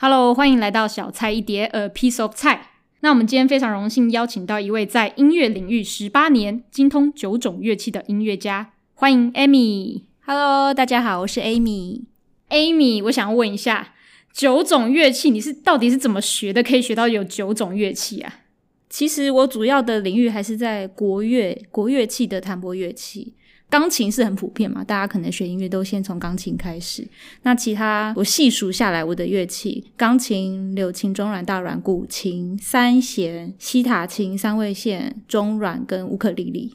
哈嘍，歡迎來到小蔡一碟，a piece of Tsai。那我們今天非常榮幸邀請到一位在音樂領域十八年、精通九種樂器的音樂家，歡迎 Amy。Hello，大家好，我是 Amy。Amy，我想問一下，九種樂器你是到底是怎麼學的？可以學到有九種樂器啊？其實我主要的領域還是在國樂，國樂器的彈撥樂器。鋼琴是很普遍嘛，大家可能學音樂都先從鋼琴開始。那其他我細數下來，我的樂器：鋼琴、柳琴、中阮、大阮、古琴、三弦、西塔琴、三味線、中阮跟烏克麗麗。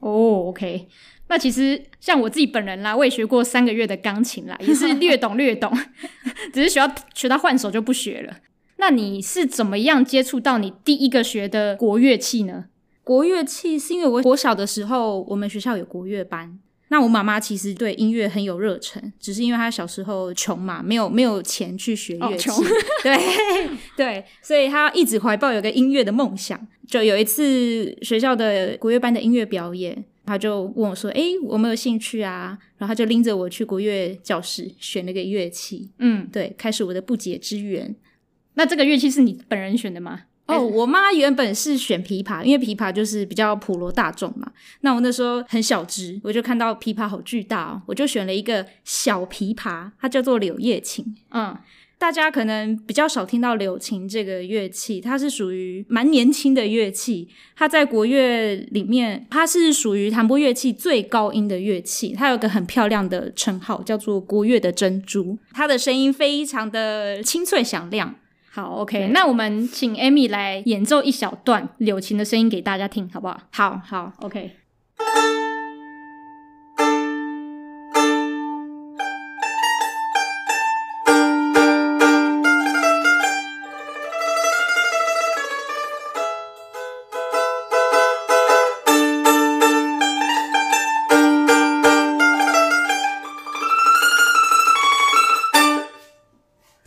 哦、oh,，OK。那其實像我自己本人啦，我也學過三個月的鋼琴啦，也是略懂略懂， 只是學到學到換手就不學了。 那你是怎麼樣接觸到你第一個學的國樂器呢？國樂器是因為我我小的時候，我們學校有國樂班。那我媽媽其實對音樂很有熱忱，只是因為她小時候窮嘛，沒有沒有錢去學樂器，哦、窮 對對，所以她一直懷抱有個音樂的夢想。就有一次學校的國樂班的音樂表演，她就問我說：“誒、欸，我沒有興趣啊？”然後她就拎着我去國樂教室選了個樂器。嗯，對，開始我的不解之緣。那這個樂器是你本人選的嗎？哦，oh, 我媽原本是選琵琶，因為琵琶就是比較普羅大眾嘛。那我那時候很小只，我就看到琵琶好巨大哦，我就選了一個小琵琶，它叫做柳葉琴。嗯，大家可能比較少聽到柳琴這個樂器，它是屬於蠻年輕的樂器。它在國樂裡面，它是屬於彈撥樂器最高音的樂器。它有個很漂亮的稱號，叫做國樂的珍珠。它的聲音非常的清脆響亮。好，OK，對那我們請 Amy 來演奏一小段柳琴的聲音給大家聽，好不好？好，好，OK。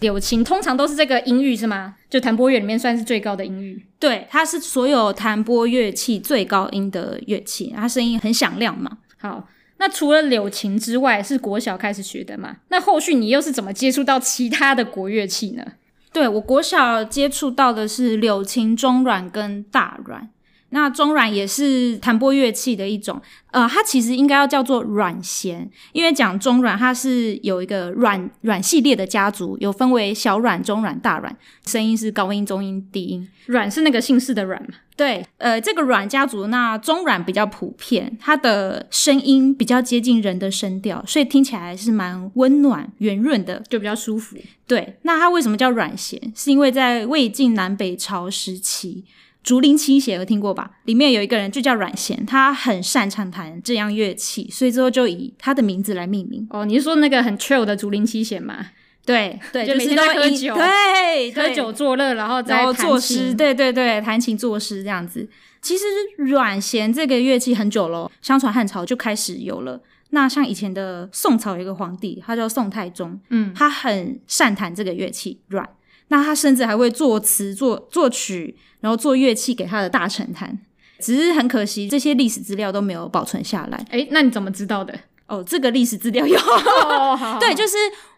柳琴通常都是這個音域是嗎？就彈撥樂裡面算是最高的音域。對，它是所有彈撥樂器最高音的樂器，它聲音很響亮嘛。好，那除了柳琴之外，是國小開始學的嗎？那後續你又是怎麼接觸到其他的國樂器呢？對，我國小接觸到的是柳琴、中阮跟大阮。那中阮也是彈撥樂器的一種，呃，它其實應該要叫做阮弦，因為講中阮，它是有一個阮阮系列的家族，有分為小阮、中阮、大阮，聲音是高音、中音、低音。阮是那個姓氏的阮嘛？對，呃，這個阮家族，那中阮比較普遍，它的聲音比較接近人的聲調，所以聽起來是蠻溫暖、圓潤的，就比較舒服。對，那它為什麼叫阮弦？是因為在魏晉南北朝時期。竹林七賢，有聽過吧？裡面有一個人就叫阮咸，他很擅長彈這樣樂器，所以之後就以他的名字來命名。哦，你是說那個很 chill 的竹林七賢嗎？對對，對就是每天在喝酒， 對，對對喝酒作樂，然後再然作詩，對對對，彈琴作詩這樣子。其實阮咸這個樂器很久嘍，相傳漢朝就開始有了。那像以前的宋朝有一個皇帝，他叫宋太宗，嗯，他很擅彈這個樂器阮。那他甚至還會作詞、作作曲，然後做樂器給他的大臣彈。只是很可惜，這些歷史資料都沒有保存下來。誒，那你怎麼知道的？哦，這個歷史資料有，哦、好好，對，就是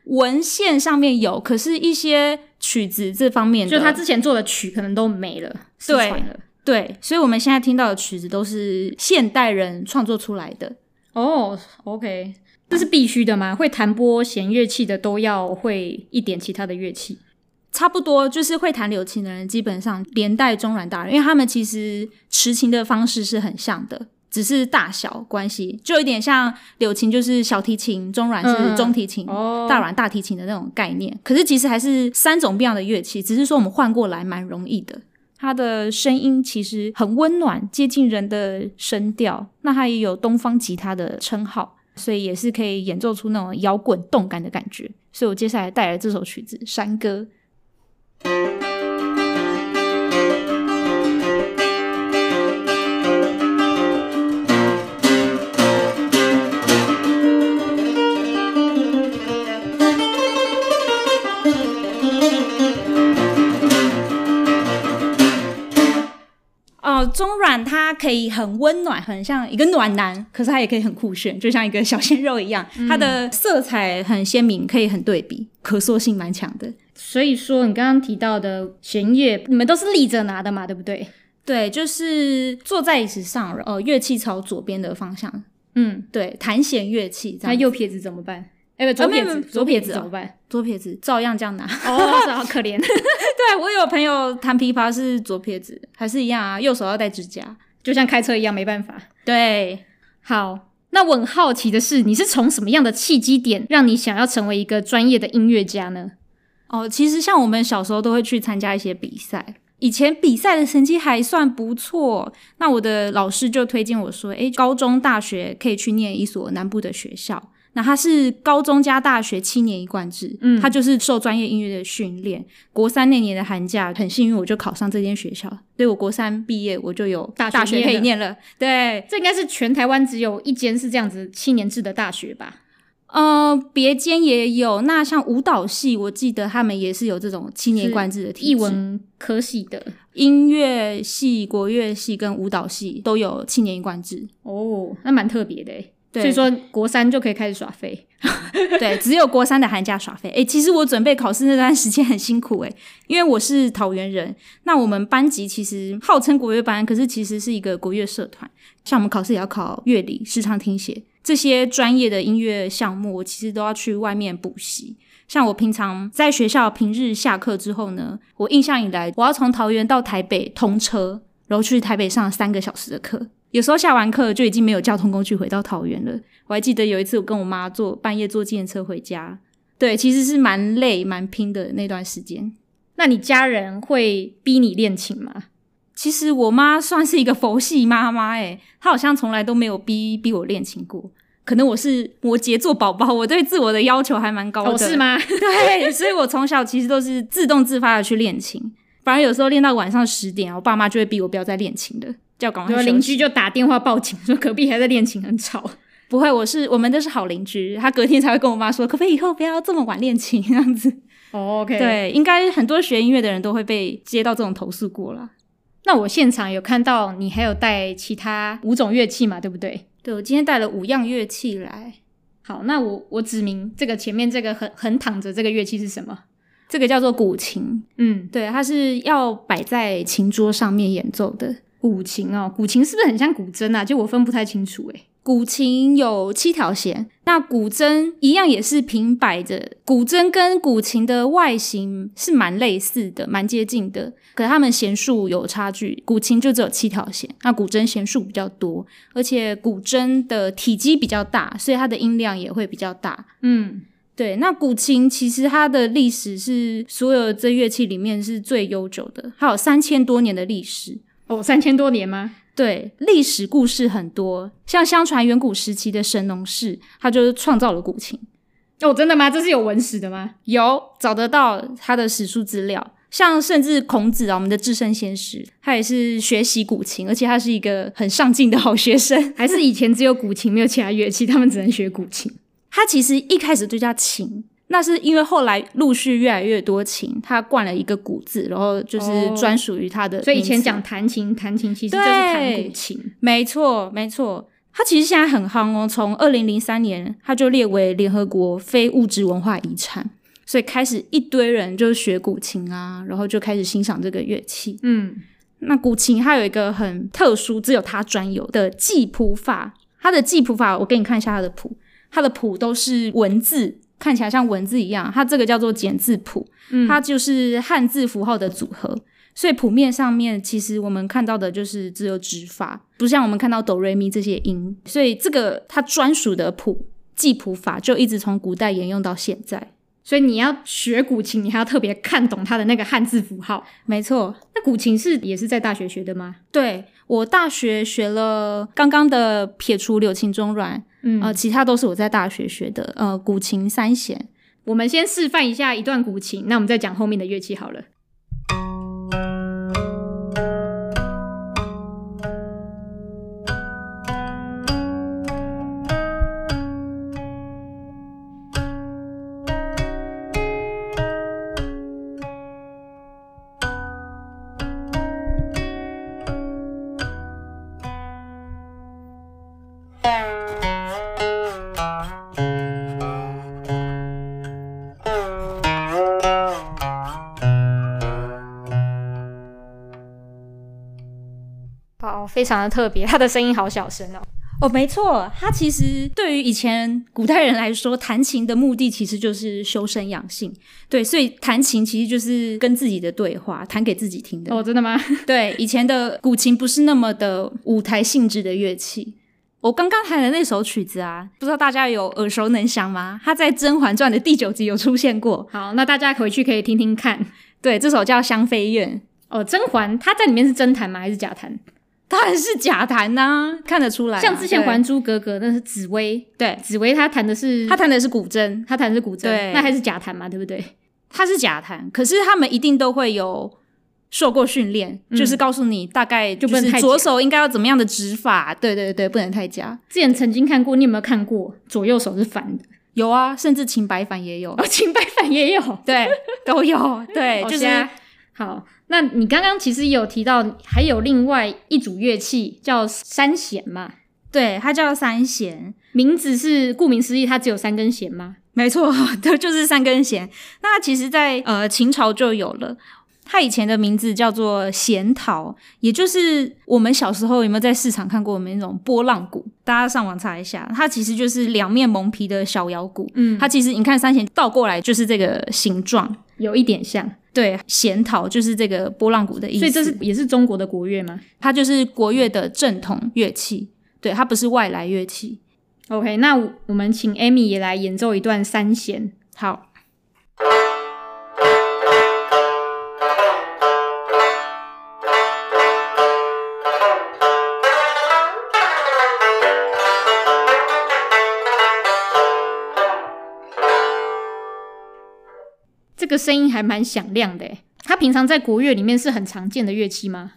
文獻上面有。可是，一些曲子這方面，就他之前做的曲可能都沒了，對，了對。所以，我們現在聽到的曲子都是現代人創作出來的。哦，OK，這是必須的嗎？會彈撥弦樂器的都要會一點其他的樂器。差不多就是會彈柳琴的人，基本上連帶中阮大阮。因為他們其實持琴的方式是很像的，只是大小關係就有點像柳琴就是小提琴，中阮是中提琴，嗯、大阮大提琴的那種概念。嗯、可是其實還是三種不一樣的樂器，只是說我們換過來蠻容易的。它的聲音其實很溫暖，接近人的聲調，那它也有東方吉他的稱號，所以也是可以演奏出那種搖滾動感的感覺。所以我接下來帶來這首曲子山歌。哦、呃，中阮它可以很溫暖，很像一個暖男，可是它也可以很酷炫，就像一個小鮮肉一樣。它的色彩很鮮明，可以很對比，可塑性蠻強的。所以說，你剛剛提到的弦樂，你們都是立着拿的嘛，對不對？對，就是坐在椅子上，然、呃、後樂器朝左邊的方向。嗯，對，彈弦樂器。那右撇子怎麼辦？哎、欸，左撇子，左撇子怎麼辦？哦、左撇子照樣這樣拿。哦， 好可憐。 對，我有朋友彈琵琶是左撇子，還是一樣啊？右手要戴指甲，就像開車一樣，沒辦法。對，好。那我很好奇的是，你是從什麼樣的契機點，讓你想要成為一個專業的音樂家呢？哦，其實像我們小時候都會去參加一些比賽，以前比賽的成績還算不錯。那我的老師就推薦我說：“誒、欸、高中大學可以去念一所南部的學校，那它是高中加大學七年一貫制，嗯，它就是受專業音樂的訓練。嗯，國三那年的寒假，很幸運我就考上這間學校，所以我國三畢業我就有大學可以念了。對，這應該是全台灣只有一間是這樣子七年制的大學吧。”呃，別間也有。那像舞蹈系，我記得他們也是有這種七年一貫制的體製。藝文科系的音樂系、國樂系跟舞蹈系都有七年一貫制哦，那蠻特別的。對所以說，國三就可以開始耍廢。對，只有國三的寒假耍廢誒、欸、其實我準備考試那段時間很辛苦誒，因為我是桃園人。那我們班級其實號稱國樂班，可是其實是一個國樂社團。像我們考試也要考樂理、視唱、聽寫。這些專業的音樂項目，我其實都要去外面補習。像我平常在學校平日下課之後呢，我印象以來，我要從桃園到台北通車，然後去台北上三個小時的課。有時候下完課就已經沒有交通工具回到桃園了。我還記得有一次我跟我媽坐半夜坐計程車回家，對，其實是蠻累蠻拼的那段時間。那你家人會逼你練琴嗎？其實我媽算是一個佛系媽媽誒、欸、她好像從來都沒有逼逼我練琴過。可能我是摩羯座寶寶，我對自我的要求還蠻高的哦？是嗎？ 對，所以我從小其實都是自動自發的去練琴，反而 有時候練到晚上十點，我爸媽就會逼我不要再練琴的，叫趕快休息。鄰居就打電話報警，說隔壁還在練琴，很吵。 不會，我是我們都是好鄰居，她隔天才會跟我媽說，可不可以以後不要這麼晚練琴這樣子？哦、oh,，OK，對，應該很多學音樂的人都會被接到這種投訴過啦。那我現場有看到你還有帶其他五種樂器嘛？對不對？對，我今天帶了五樣樂器來。好，那我我指明這個前面這個橫橫躺着這個樂器是什麼？這個叫做古琴。嗯，對，它是要擺在琴桌上面演奏的。古琴哦，古琴是不是很像古箏啊？就我分不太清楚誒、欸。古琴有七條弦，那古箏一樣也是平擺著。古箏跟古琴的外形是蠻類似的，蠻接近的。可是它們弦數有差距，古琴就只有七條弦，那古箏弦數比較多，而且古箏的體積比較大，所以它的音量也會比較大。嗯，對。那古琴其實它的歷史是所有這樂器裡面是最悠久的，它有三千多年的歷史。哦，三千多年嗎？對，歷史故事很多，像相傳遠古時期的神農氏，他就是創造了古琴。哦，真的嗎？這是有文史的嗎？有，找得到他的史書資料。像甚至孔子啊，我們的至聖先師，他也是學習古琴，而且他是一個很上進的好學生。 還是以前只有古琴，沒有其他樂器，他們只能學古琴。他其實一開始就叫琴。那是因為後來陸續越來越多琴，他冠了一個“古”字，然後就是專屬於他的。哦，所以以前講彈琴，彈琴其實就是彈古琴。對，沒錯，沒錯。它其實現在很夯哦，從二零零三年，它就列為聯合國非物質文化遺產。所以開始一堆人就是學古琴啊，然後就開始欣賞這個樂器。嗯，那古琴它有一個很特殊，只有它專有的記譜法。它的記譜法，我給你看一下它的譜，它的譜都是文字。看起來像文字一樣，它這個叫做簡字譜，嗯，它就是漢字符號的組合。所以譜面上面其實我們看到的就是只有指法，不像我們看到哆瑞咪這些音。所以這個它專屬的譜，記譜法就一直從古代沿用到現在。所以你要學古琴，你還要特別看懂它的那個漢字符號。沒錯，那古琴是也是在大學學的嗎？對，我大學學了剛剛的撇除柳琴中阮，嗯，呃，其他都是我在大學學的。呃，古琴三弦，我們先示範一下一段古琴，那我們再講後面的樂器好了。非常的特別，他的聲音好小聲哦。哦，沒錯，他其實對於以前古代人來說，彈琴的目的其實就是修身養性。對，所以彈琴其實就是跟自己的對話，彈給自己聽的。哦，真的嗎？對，以前的古琴不是那麼的舞台性質的樂器。我剛剛彈的那首曲子啊，不知道大家有耳熟能詳嗎？它在《甄嬛傳》的第九集有出現過。好，那大家回去可以聽聽看。對，這首叫《香妃怨》。哦，甄嬛它在裡面是真彈嗎？還是假彈？當然是假彈吶，看得出來。像之前《還珠格格》，那是紫薇，對，紫薇她彈的是她彈的是古箏，她彈的是古箏，那還是假彈嘛，對不對？她是假彈，可是他們一定都會有受過訓練，就是告訴你大概，就是左手應該要怎麼樣的指法，對對對，不能太假。之前曾經看過，你有沒有看過左右手是反的？有啊，甚至琴白反也有，哦，琴白反也有，對，都有，對，就是好。那你剛剛其實也有提到，還有另外一組樂器叫三弦嘛？對，它叫三弦，名字是顧名思義，它只有三根弦嗎？沒錯，它就是三根弦。那其實在，在呃秦朝就有了。它以前的名字叫做弦鼗，也就是我們小時候有沒有在市場看過我們那種波浪鼓？大家上網查一下，它其實就是兩面蒙皮的小搖鼓。嗯，它其實你看三弦倒過來就是這個形狀，有一點像。對，弦鼗，就是這個波浪鼓的意思。所以這是也是中國的國樂嗎？它就是國樂的正統樂器，對，它不是外來樂器。OK，那我們請 Amy 也來演奏一段三弦，好。這聲音還蠻響亮的，誒，它平常在國樂裡面是很常見的樂器嗎？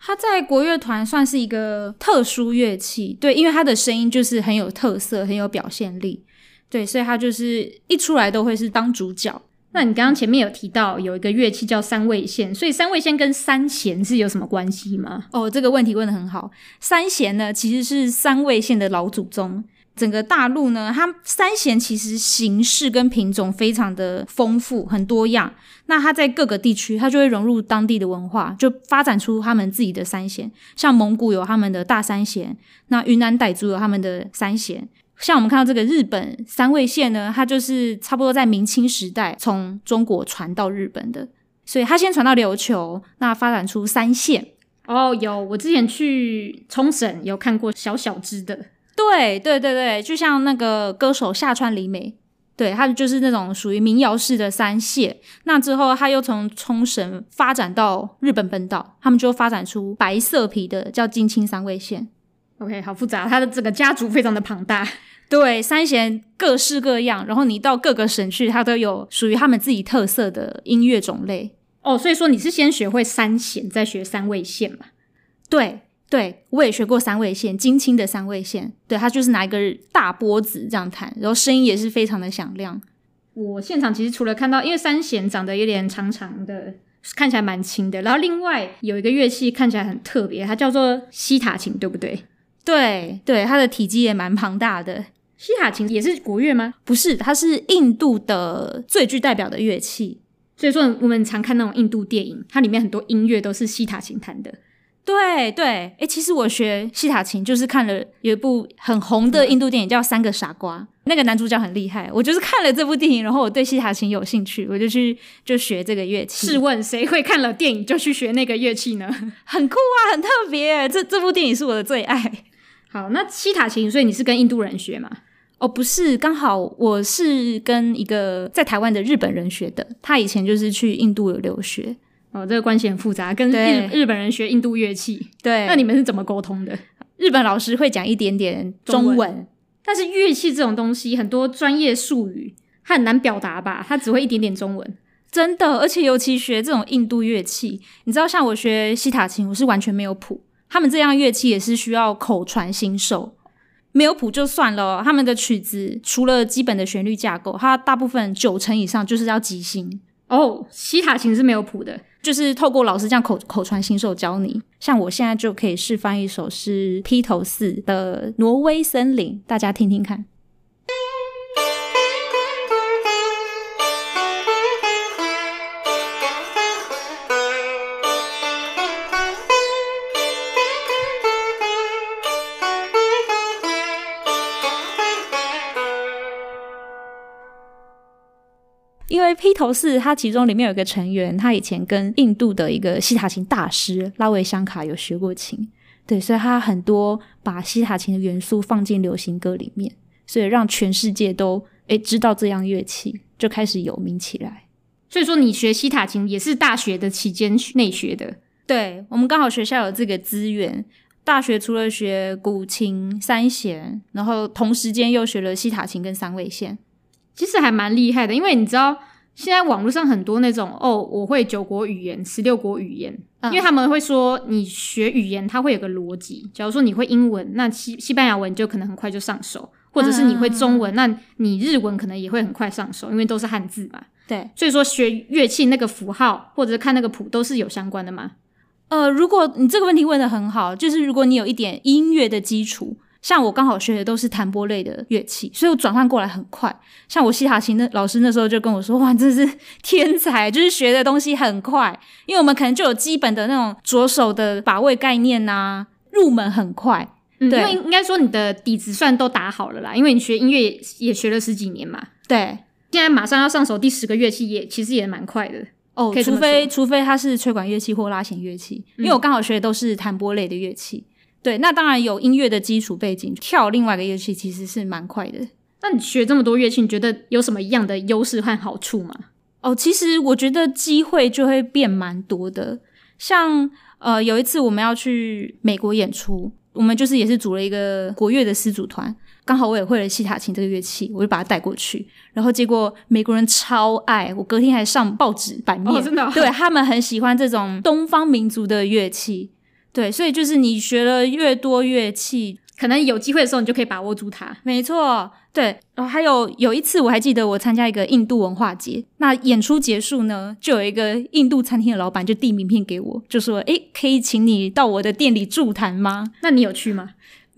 它在國樂團算是一個特殊樂器，對，因為它的聲音就是很有特色，很有表現力，對，所以它就是一出來都會是當主角。那你剛剛前面有提到有一個樂器叫三味線，所以三味線跟三弦是有什麼關係嗎？哦，這個問題問得很好，三弦呢其實是三味線的老祖宗。整個大陸呢，它三弦其實形式跟品種非常的豐富，很多樣。那它在各個地區，它就會融入當地的文化，就發展出他們自己的三弦。像蒙古有他們的大三弦，那雲南傣族有他們的三弦。像我們看到這個日本三味線呢，它就是差不多在明清時代從中國傳到日本的，所以它先傳到琉球，那發展出三線。哦，有，我之前去沖繩有看過小小隻的。對對對對，就像那個歌手夏川里美，對，他就是那種屬於民謠式的三線，那之後，他又從沖繩發展到日本本島，他們就發展出白色皮的叫津輕三味線。OK，好複雜，他的整個家族非常的龐大。對，三弦各式各樣，然後你到各個省去，它都有屬於他們自己特色的音樂種類。哦，所以說你是先學會三弦，再學三味線嘛？對。對，我也學過三味線，津輕的三味線。對，它就是拿一個大撥子這樣彈，然後聲音也是非常的響亮。我現場其實除了看到，因為三弦長得有點長長的，看起來蠻輕的。然後另外有一個樂器看起來很特別，它叫做西塔琴，對不對？對對，它的體積也蠻龐大的。西塔琴也是國樂嗎？不是，它是印度的最具代表的樂器。所以說我們常看那種印度電影，它裡面很多音樂都是西塔琴彈的。對對，誒其實我學西塔琴就是看了有一部很紅的印度電影叫《三個傻瓜》，嗯、那個男主角很厲害。我就是看了這部電影，然後我對西塔琴有興趣，我就去就學這個樂器。試問誰會看了電影就去學那個樂器呢？很酷啊，很特別。這這部電影是我的最愛。好，那西塔琴，所以你是跟印度人學嗎？哦，不是，剛好我是跟一個在台灣的日本人學的，他以前就是去印度留學。哦，這個關係很複雜，跟日對日本人學印度樂器。對，那你們是怎麼溝通的？日本老師會講一點點中文，中文。但是樂器這種東西很多專業術語，他很難表達吧？他只會一點點中文，真的。而且尤其學這種印度樂器，你知道，像我學西塔琴，我是完全沒有譜。他們這樣樂器也是需要口傳心授，沒有譜就算了，他們的曲子除了基本的旋律架構，它大部分九成以上就是要即興。哦，西塔琴是沒有譜的。就是透過老師這樣口口傳心授教你，像我現在就可以示範一首是披頭士的《挪威森林》，大家聽聽看。披頭士他其中裡面有一個成員，他以前跟印度的一個西塔琴大師拉維香卡有學過琴，對，所以他很多把西塔琴的元素放進流行歌裡面，所以讓全世界都誒知道這樣樂器就開始有名起來。所以說你學西塔琴也是大學的期間內學的？對，我們剛好學校有這個資源。大學除了學古琴、三絃，然後同時間又學了西塔琴跟三味線，其實還蠻厲害的，因為你知道。現在網絡上很多那種哦，我會九國語言、十六國語言，嗯、因為他們會說你學語言它會有個邏輯。假如說你會英文，那西西班牙文，就可能很快就上手，或者是你會中文，嗯嗯嗯，那你日文可能也會很快上手，因為都是漢字嘛。對，所以說學樂器那個符號或者是看那個譜都是有相關的嗎？呃，如果你這個問題問得很好，就是如果你有一點音樂的基礎。像我剛好學的都是彈撥類的樂器，所以我轉換過來很快。像我西塔琴的老師那時候就跟我說：“哇，真的是天才，就是學的東西很快，因為我們可能就有基本的那種左手的把位概念吶、啊，入門很快對、嗯。因為應該說你的底子算都打好了啦，因為你學音樂也，也學了十幾年嘛。對，現在馬上要上手第十個樂器也也其實也蠻快的哦。除非除非它是吹管樂器或拉弦樂器，嗯、因為我剛好學的都是彈撥類的樂器。”對，那當然有音樂的基礎背景，跳另外一個樂器其實是蠻快的。那你學這麼多樂器，你覺得有什麼一樣的優勢和好處嗎？哦，其實我覺得機會就會變蠻多的。像呃有一次我們要去美國演出，我們就是也是組了一個國樂的絲竹團，剛好我也會了西塔琴這個樂器，我就把它帶過去，然後結果美國人超愛，我隔天還上報紙版面。哦，真的哦。對，他們很喜歡這種東方民族的樂器。對，所以就是你學了越多樂器，可能有機會的時候你就可以把握住它。沒錯，對。然後還有有一次我還記得，我參加一個印度文化節，那演出結束呢，就有一個印度餐廳的老板就遞名片給我，就說：“哎，可以請你到我的店裡駐彈嗎？”那你有去嗎？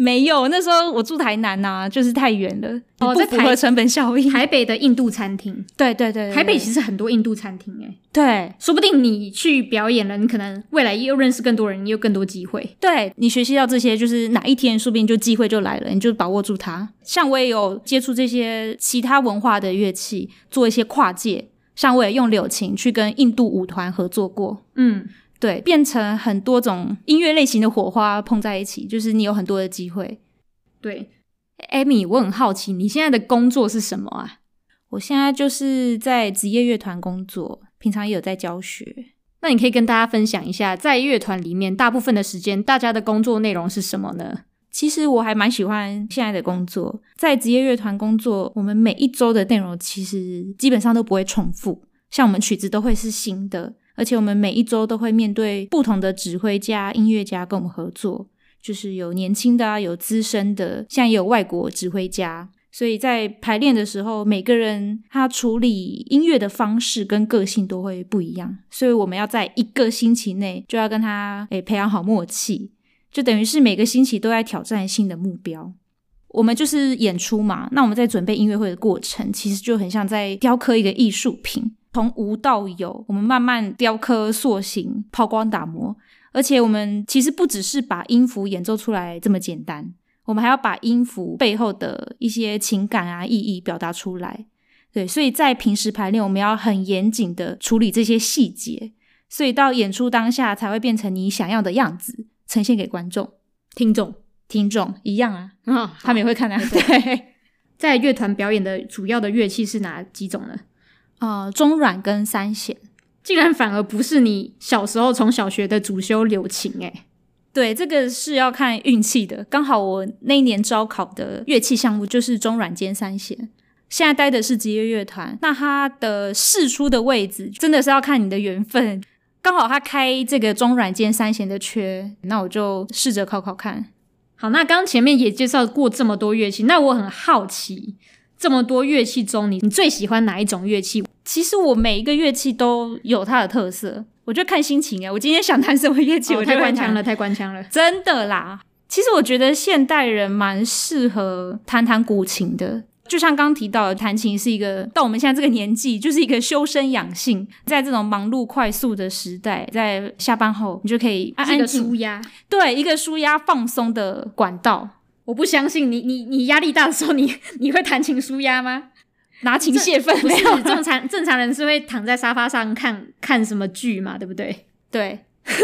沒有，那時候我住台南吶、啊，就是太遠了。哦，不符合成本效益，台北的印度餐廳，對對，對對對，台北其實很多印度餐廳哎。對，說不定你去表演了，你可能未來又認識更多人，你又更多機會。對，你學習到這些，就是哪一天說不定就機會就來了，你就把握住它。像我也有接觸這些其他文化的樂器，做一些跨界。像我也用柳琴去跟印度舞團合作過，嗯。對，變成很多種音樂類型的火花碰在一起，就是你有很多的機會。對，Amy，我很好奇，你現在的工作是什麼啊？我現在就是在職業樂團工作，平常也有在教學。那你可以跟大家分享一下，在樂團裡面，大部分的時間大家的工作內容是什麼呢？其實我還蠻喜歡現在的工作，在職業樂團工作，我們每一周的內容其實基本上都不會重複，像我們曲子都會是新的。而且我們每一周都會面對不同的指揮家、音樂家跟我們合作，就是有年輕的，啊，有資深的，現在也有外國指揮家。所以在排練的時候，每個人他處理音樂的方式跟個性都會不一樣，所以我們要在一個星期內就要跟他誒、欸、培養好默契，就等於是每個星期都在挑戰新的目標。我們就是演出嘛，那我們在準備音樂會的過程，其實就很像在雕刻一個藝術品。從無到有，我們慢慢雕刻、塑形、拋光、打磨。而且我們其實不只是把音符演奏出來這麼簡單，我們還要把音符背後的一些情感啊、意義表達出來。對，所以在平時排練，我們要很嚴謹的處理這些細節，所以到演出當下才會變成你想要的樣子，呈現給觀眾、聽眾、聽眾一樣啊。嗯好，他們也會看的、啊。好對，對，在樂團表演的主要的樂器是哪幾種呢？啊，中阮跟三弦，竟然反而不是你小時候從小學的主修柳琴誒。對，這個是要看運氣的。剛好我那一年招考的樂器項目就是中阮兼三弦，現在待的是職業樂團，那他的釋出的位置真的是要看你的緣分。剛好他開這個中阮兼三弦的缺，那我就試着考考看。好，那剛剛前面也介紹過這麼多樂器，那我很好奇，這麼多樂器中你，你你最喜歡哪一種樂器？其實我每一個樂器都有它的特色，我就看心情，哎，我今天想彈什麼樂器？哦，我就太官腔了，太官腔了，真的啦。其實我覺得現代人蠻適合彈彈古琴的，就像剛，剛提到的，彈琴是一個到我們現在這個年紀就是一個修身養性，在這種忙碌快速的時代，在下班後你就可以是一個舒壓，對，一個舒壓放鬆的管道。我不相信你，你你壓力大的時候你，你你會彈琴舒壓嗎？拿琴洩憤，不是正常，正常人是會躺在沙發上看 看，看什麼劇嘛，對不對？對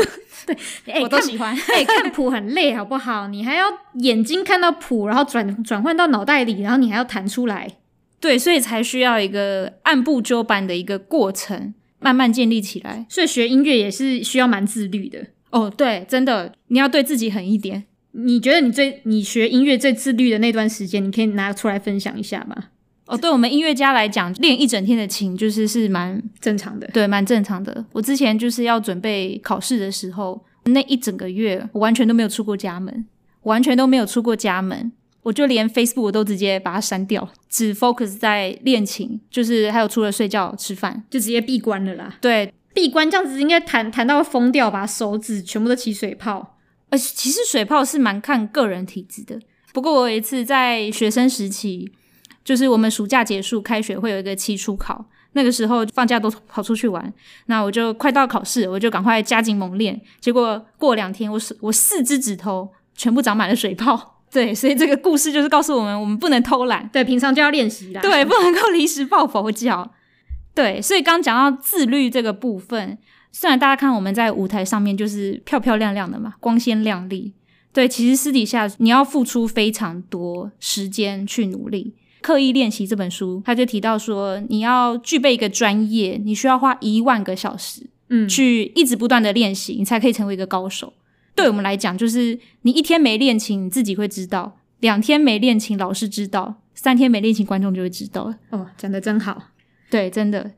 對，欸、我都喜歡。對、 欸，看譜很累，好不好？你還要眼睛看到譜，然後轉轉換到腦袋裡，然後你還要彈出來，對，所以才需要一個按部就班的一個過程，慢慢建立起來。所以學音樂也是需要蠻自律的哦。對，真的，你要對自己狠一點。你覺得你最你學音樂最自律的那段時間，你可以拿出來分享一下嗎？哦，對我們音樂家來講，練一整天的琴就是是蠻正常的，對，蠻正常的。我之前就是要準備考試的時候，那一整個月我完全都沒有出過家門，我完全都沒有出過家門，我就連 Facebook 我都直接把它刪掉，只 focus 在練琴，就是還有除了睡覺吃飯，就直接閉關了啦。對，閉關這樣子應該彈彈到瘋掉吧，把手指全部都起水泡。呃，其實水泡是蠻看個人體質的，不過我有一次在學生時期。就是我們暑假結束開學會有一個期初考，那個時候放假都跑出去玩，那我就快到考試，我就趕快加緊猛練。結果過兩天，我四我四隻指頭全部長滿了水泡。對，所以這個故事就是告訴我們，我們不能偷懶，對，平常就要練習啦，對，不能夠臨時抱佛腳。對，所以剛講到自律這個部分，雖然大家看我們在舞台上面就是漂漂亮亮的嘛，光鮮亮麗，對，其實私底下你要付出非常多時間去努力。刻意練習這本書，他就提到說，你要具備一個專業，你需要花一萬個小時，嗯，去一直不斷的練習，你才可以成為一個高手。嗯、對我們來講，就是你一天沒練琴，你自己會知道；兩天沒練琴，老師知道；三天沒練琴，觀眾就會知道。哦，講得真好，對，真的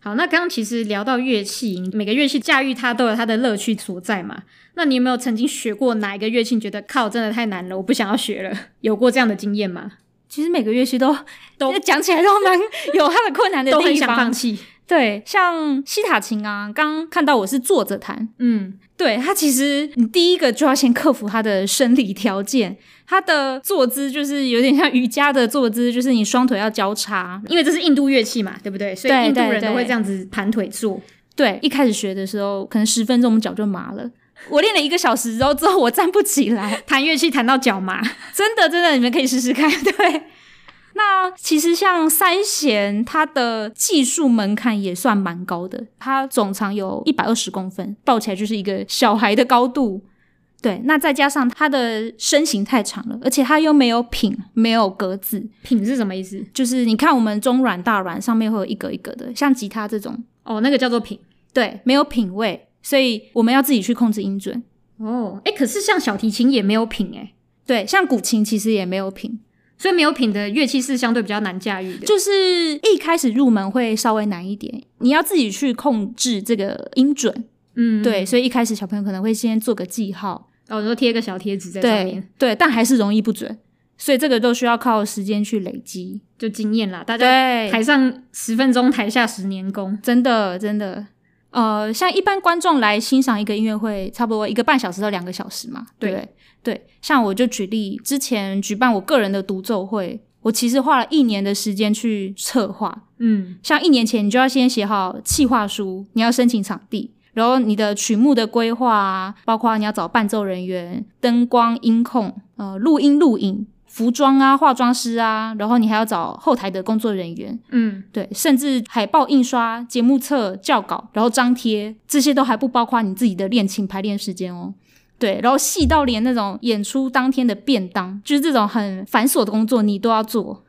好。那剛剛其實聊到樂器，每個樂器駕馭它都有它的樂趣所在嘛。那你有沒有曾經學過哪一個樂器，你覺得靠，真的太難了，我不想要學了，有過這樣的經驗嗎？其實每個樂器都都講起來都蠻有它的困難的地方，都很想放棄。對，像西塔琴啊，剛剛看到我是坐着彈，嗯，對，它其實你第一個就要先克服它的生理條件，它的坐姿就是有點像瑜伽的坐姿，就是你雙腿要交叉，因爲這是印度樂器嘛，對不對？所以印度人都會這樣子盤腿坐。對，對，對，對，對，一開始學的時候，可能十分鐘我們腳就麻了。我練了一個小時之後，然後之後我站不起來，彈樂器彈到腳麻，真的真的，你們可以試試看。對， 那其實像三弦，它的技術門檻也算蠻高的。它總長有一百二十公分，抱起來就是一個小孩的高度。對，那再加上它的身形太長了，而且它又沒有品，沒有格子。品是什麼意思？就是你看我們中阮大阮上面會有一格一格的，像吉他這種哦，那個叫做品。對，沒有品位。所以我們要自己去控制音準哦，誒、欸、可是像小提琴也沒有品誒、欸、對，像古琴其實也沒有品，所以沒有品的樂器是相對比較難駕馭的，就是一開始入門會稍微難一點，你要自己去控制這個音準，嗯，嗯，對，所以一開始小朋友可能會先做個記號，然後就你說貼個小貼紙在上面對，對，但還是容易不準，所以這個都需要靠時間去累積，就經驗啦。大家台上十分鐘，對台下十年功，真的，真的。呃，像一般觀眾來欣賞一個音樂會，差不多一個半小時到兩個小時嘛。對對、對，像我就舉例，之前舉辦我個人的獨奏會，我其實花了一年的時間去策劃。嗯，像一年前，你就要先寫好企劃書，你要申請場地，然後你的曲目的規劃啊，包括你要找伴奏人員、燈光、音控、呃，錄音、錄音、錄影。服裝啊，化妝師啊，然後你還要找後台的工作人員，嗯，對，甚至海報印刷、節目冊校稿，然後張貼，這些都還不包括你自己的練琴、排練時間哦。對，然後細到連那種演出當天的便當，就是這種很繁瑣的工作，你都要做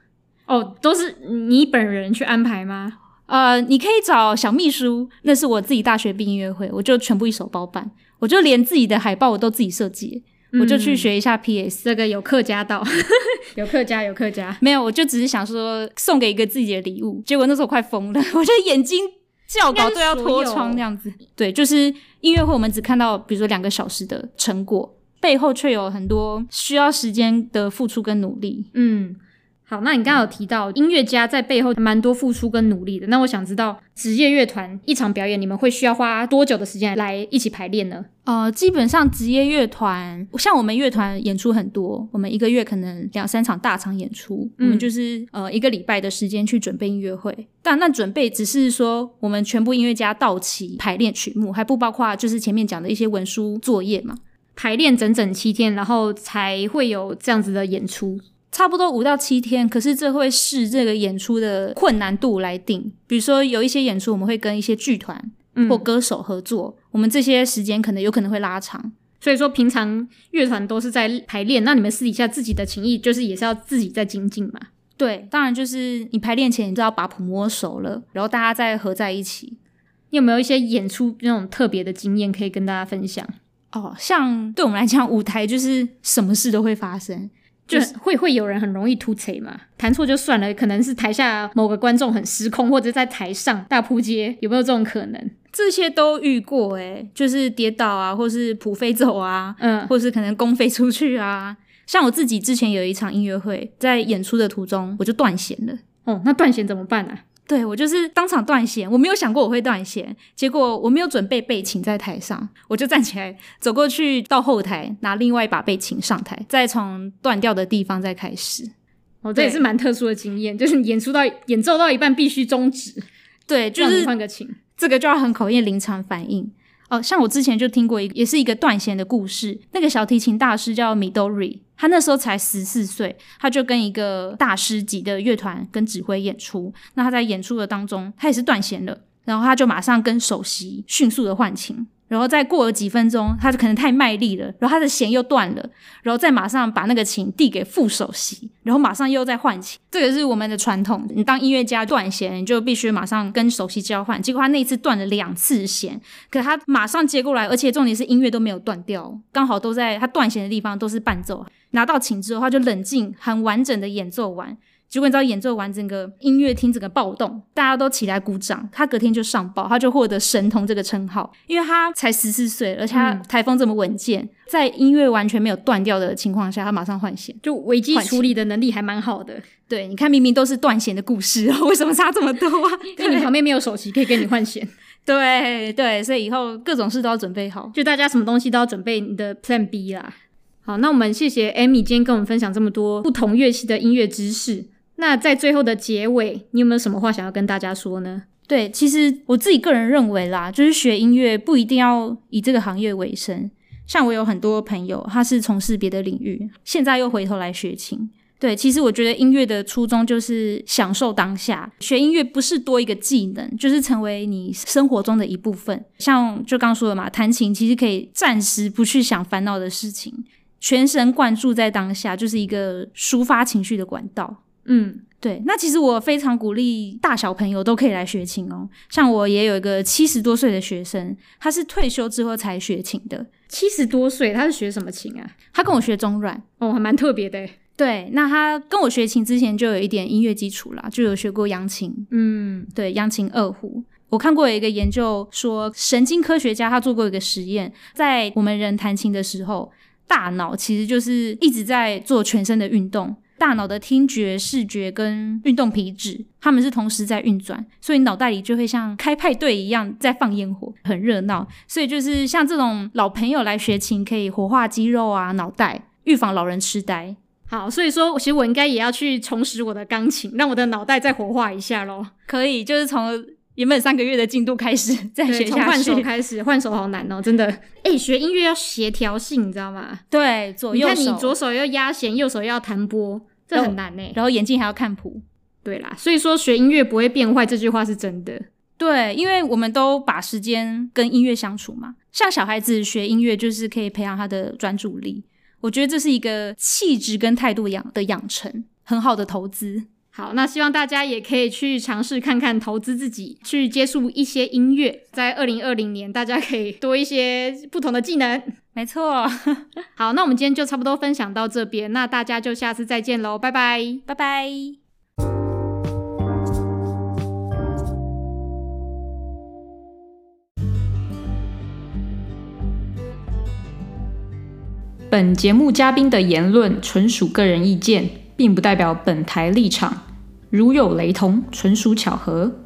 哦。都是你本人去安排嗎？呃，你可以找小秘書，那是我自己大學畢業音樂會，我就全部一手包辦，我就連自己的海報我都自己設計。我就去學一下 PS、嗯、這個有客家道， 有客家，有客家。沒有，我就只是想說送給一個自己的禮物，結果那時候我快瘋了，我的眼睛較高，都要脫窗這樣子。對，就是音樂會，我們只看到比如說兩個小時的成果，背後卻有很多需要時間的付出跟努力。嗯。好，那你剛、剛有提到、嗯、音樂家在背後蠻多付出跟努力的，那我想知道職業樂團一場表演，你們會需要花多久的時間來一起排練呢？呃，基本上職業樂團像我們樂團演出很多，我們一個月可能兩三場大場演出，嗯、我們就是呃一個禮拜的時間去準備音樂會。但那準備只是說我們全部音樂家到齊排練曲目，還不包括就是前面講的一些文書作業嘛。排練整整七天，然後才會有這樣子的演出。差不多五到七天，可是這會視這個演出的困難度來定。比如說，有一些演出我們會跟一些劇團或歌手合作，嗯、我們這些時間可能有可能會拉長。所以說，平常樂團都是在排練，那你們私底下自己的情誼就是也是要自己在精進嘛？對，當然就是你排練前你都要把譜摸熟了，然後大家再合在一起。你有沒有一些演出那種特別的經驗可以跟大家分享？哦，像對我們來講，舞台就是什麼事都會發生。就,就是會會有人很容易凸槌嘛，彈錯就算了，可能是台下某個觀眾很失控，或者在台上大撲街，有沒有這種可能？這些都遇過哎、欸，就是跌倒啊，或是譜飛走啊，嗯，或是可能弓飛出去啊。像我自己之前有一場音樂會，在演出的途中我就斷弦了。哦，那斷弦怎麼辦呢、啊？對我就是當場斷弦，我沒有想過我會斷弦，結果我沒有準備備琴在台上，我就站起來走過去到後台拿另外一把備琴上台，再從斷掉的地方再開始。哦，這也是蠻特殊的經驗，對就是演出到演奏到一半必須終止，對，就是換個琴，這個就要很考驗臨場反應。哦，像我之前就聽過一也是一個斷弦的故事。那個小提琴大師叫米多瑞，他那時候才十四歲，他就跟一個大師級的樂團跟指揮演出。那他在演出的當中，他也是斷弦了，然後他就馬上跟首席迅速的換琴。然後再過了幾分鐘，他就可能太賣力了，然後他的弦又斷了，然後再馬上把那個琴遞給副首席，然後馬上又再換琴。這個是我們的傳統，你當音樂家斷弦，你就必須馬上跟首席交換。結果他那次斷了兩次弦，可他馬上接過來，而且重點是音樂都沒有斷掉，剛好都在他斷弦的地方都是伴奏。拿到琴之後，他就冷靜、很完整的演奏完。結果你知道演奏完整個音樂廳，整個暴動，大家都起來鼓掌。他隔天就上報，他就獲得神童這個稱號，因為他才十四歲，而且他台風這麼穩健，嗯、在音樂完全沒有斷掉的情況下，他馬上換弦，就危機處理的能力還蠻好的。弦對，你看明明都是斷弦的故事，為什麼差這麼多啊？因為你旁邊沒有首席可以給你換弦。 對對，所以以後各種事都要準備好，就大家什麼東西都要準備你的 Plan B 啦。好，那我們謝謝 Amy 今天跟我們分享這麼多不同樂器的音樂知識。那在最後的結尾，你有沒有什麼話想要跟大家說呢？對，其實我自己個人認為啦，就是學音樂不一定要以這個行業為生。像我有很多朋友，他是從事別的領域，現在又回頭來學琴。對，其實我覺得音樂的初衷就是享受當下。學音樂不是多一個技能，就是成為你生活中的一部分。像就剛剛說的嘛，彈琴其實可以暫時不去想煩惱的事情，全神貫注在當下，就是一個抒發情緒的管道。嗯，對，那其實我非常鼓勵大小朋友都可以來學琴哦。像我也有一個七十多歲的學生，他是退休之後才學琴的。七十多歲，他是學什麼琴啊？他跟我學中阮哦，還蠻特別的耶。對，那他跟我學琴之前就有一點音樂基礎啦，就有學過揚琴。嗯，對，揚琴、二胡。我看過有一個研究說，神經科學家他做過一個實驗，在我們人彈琴的時候，大腦其實就是一直在做全身的運動。大腦的聽覺、視覺跟運動皮質，他們是同時在運轉，所以腦袋裡就會像開派對一樣在放煙火，很熱鬧。所以就是像這種老朋友來學琴，可以活化肌肉啊、腦袋，預防老人痴呆。好，所以說，其實我應該也要去重拾我的鋼琴，讓我的腦袋再活化一下咯。可以，就是從。原本三個月的進度開始在學，從換手開始，換 手好難哦、喔，真的。哎、欸，學音樂要協調性，你知道嗎？對，左右手，你看你左手要壓弦，右手要彈撥，這很難呢、欸哦。然後眼睛還要看譜，對啦。所以說學音樂不會變壞，這句話是真的。對，因為我們都把時間跟音樂相處嘛。像小孩子學音樂，就是可以培養他的專注力，我覺得這是一個氣質跟態度養的養成很好的投資。好，那希望大家也可以去嘗試看看投資自己，去接觸一些音樂。在二零二零年，大家可以多一些不同的技能。沒錯錯， 好，那我們今天就差不多分享到這邊，那大家就下次再見嘍，拜拜，拜拜。本節目嘉賓的言論純屬個人意見。並不代表本台立場，如有雷同，純屬巧合。